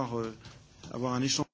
Euh, avoir un échange.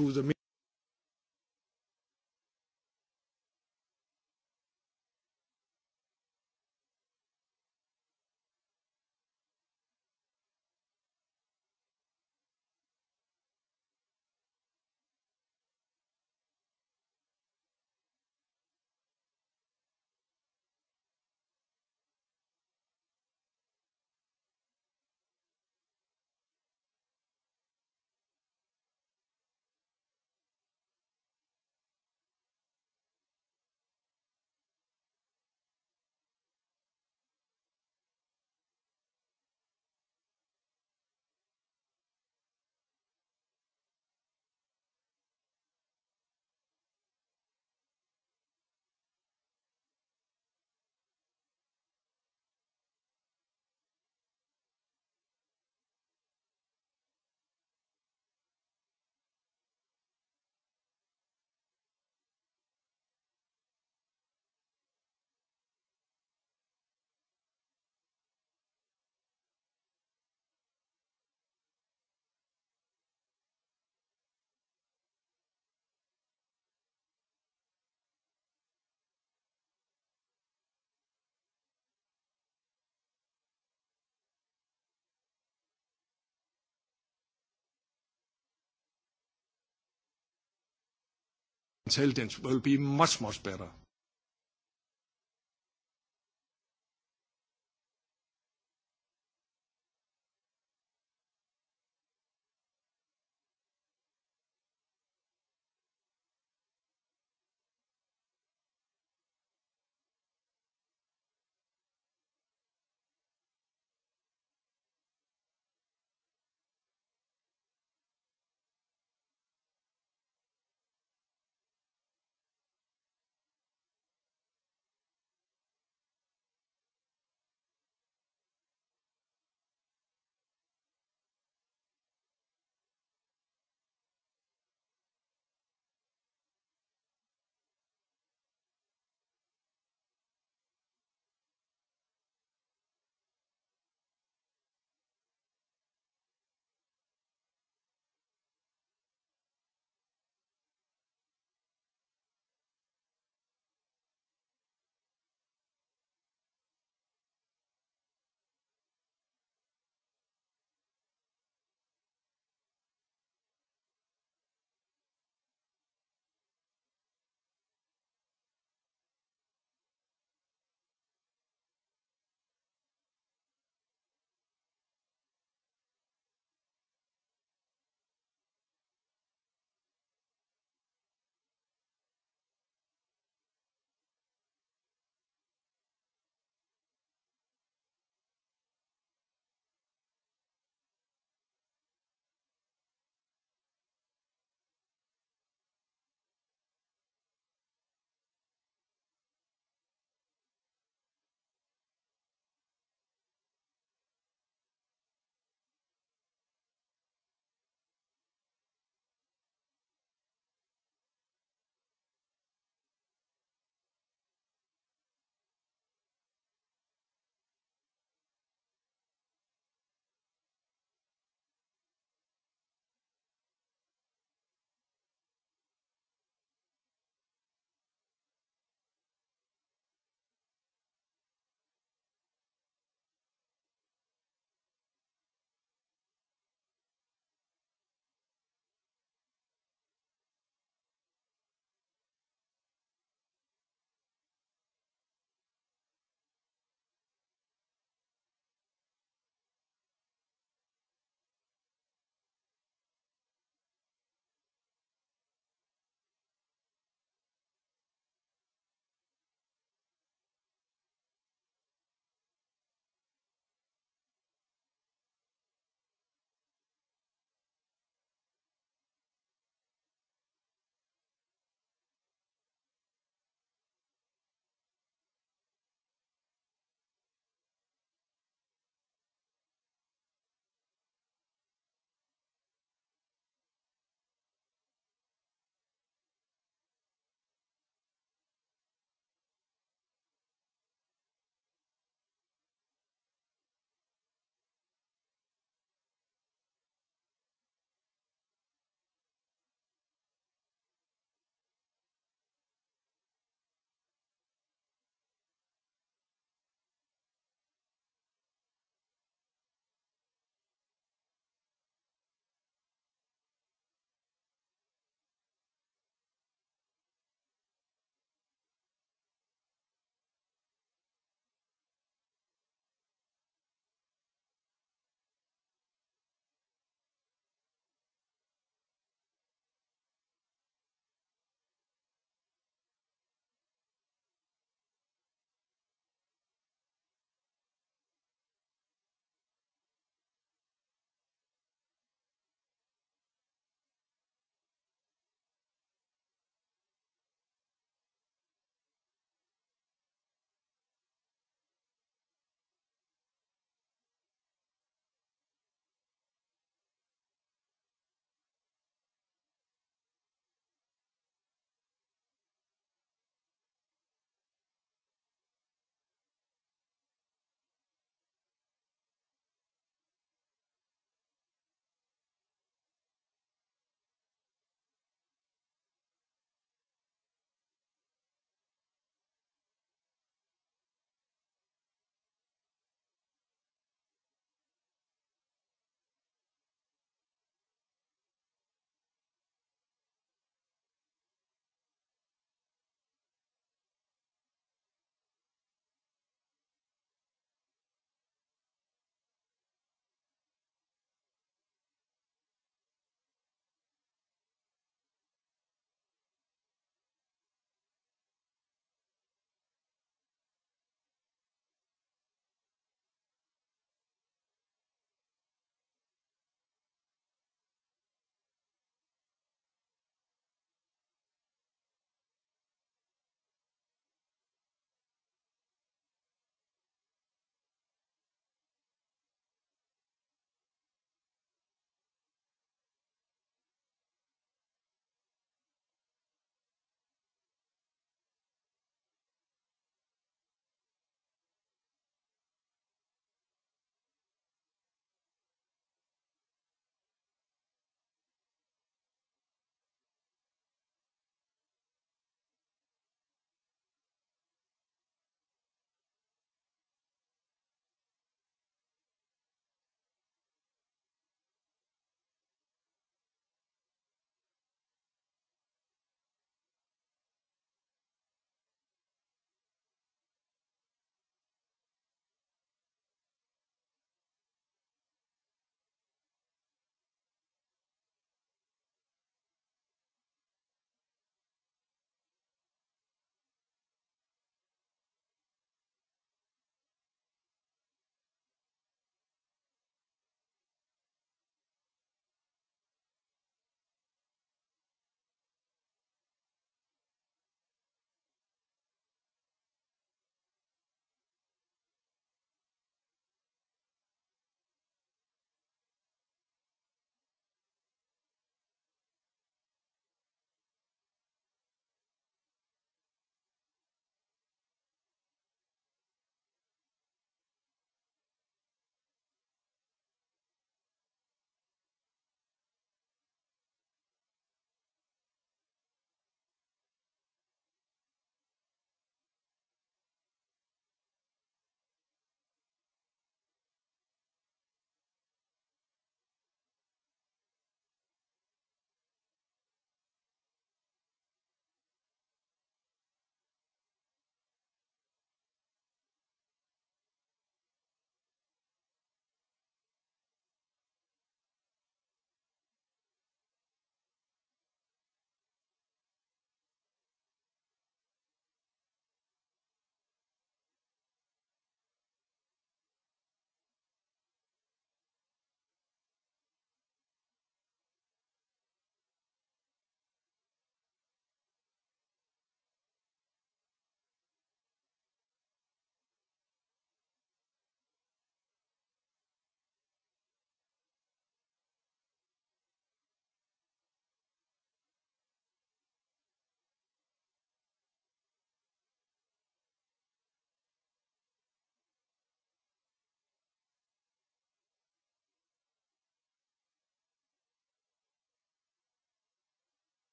through the intelligence will be much, much better.